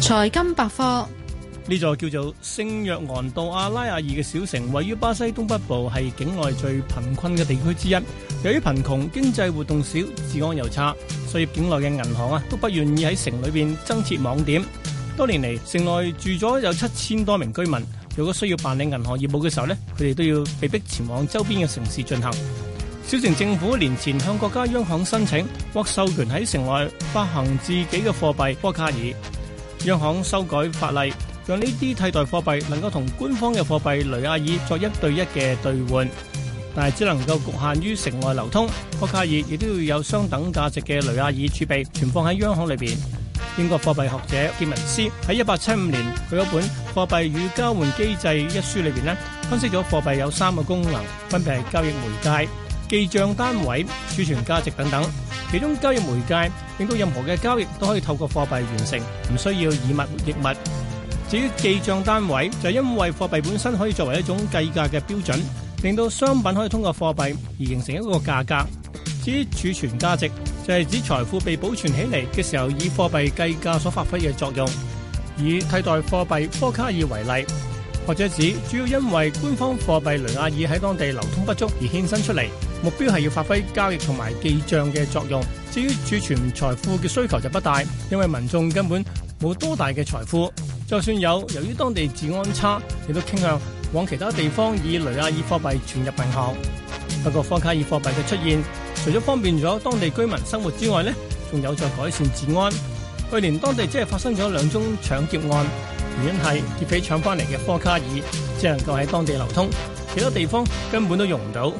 財金百科。呢座叫做聖若昂杜阿拉亞爾嘅小城，位於巴西東北部，係境內最貧困嘅地區之一。由於貧窮，經濟活動少，治安又差，所以境內嘅銀行啊，都不願意喺城裏邊增設網點。多年嚟，城內住咗有七千多名居民。如果需要辦理銀行業務嘅時候呢，佢哋都要被迫前往周邊嘅城市進行。小城政府年前向國家央行申請，獲授權喺城內發行自己嘅貨幣科卡爾，央行修改法例，讓呢啲替代貨幣能夠同官方嘅貨幣雷亞爾作一對一嘅兌換，但係只能夠局限於城內流通。科卡爾亦都要有相等價值嘅雷亞爾儲備存放喺央行裏邊。英國貨幣學者傑文斯喺一八七五年佢嗰本《貨幣與交換機制》一書裏邊分析咗貨幣有三個功能，分別係交易媒介。記賬單位、儲存價值等等，其中交易媒介令到任何嘅交易都可以透過貨幣完成，唔需要以物易物。至於記賬單位，就因為貨幣本身可以作為一種計價嘅標準，令到商品可以通過貨幣而形成一個價格。至於儲存價值，就係、是、指財富被保存起嚟嘅時候，以貨幣計價所發揮嘅作用，以替代貨幣科卡爾為例。或者指主要因為官方貨幣雷亞爾喺當地流通不足而衍生出嚟，目標係要發揮交易同埋記賬嘅作用。至於儲存財富嘅需求就不大，因為民眾根本冇多大嘅財富。就算有，由於當地治安差，亦都傾向往其他地方以雷亞爾貨幣存入銀行。不過，科卡爾貨幣嘅出現，除咗方便咗當地居民生活之外，呢仲有助改善治安。去年當地只係發生咗兩宗搶劫案。原因係劫匪搶翻嚟嘅科卡爾只能夠喺當地流通，其他地方根本都用唔到。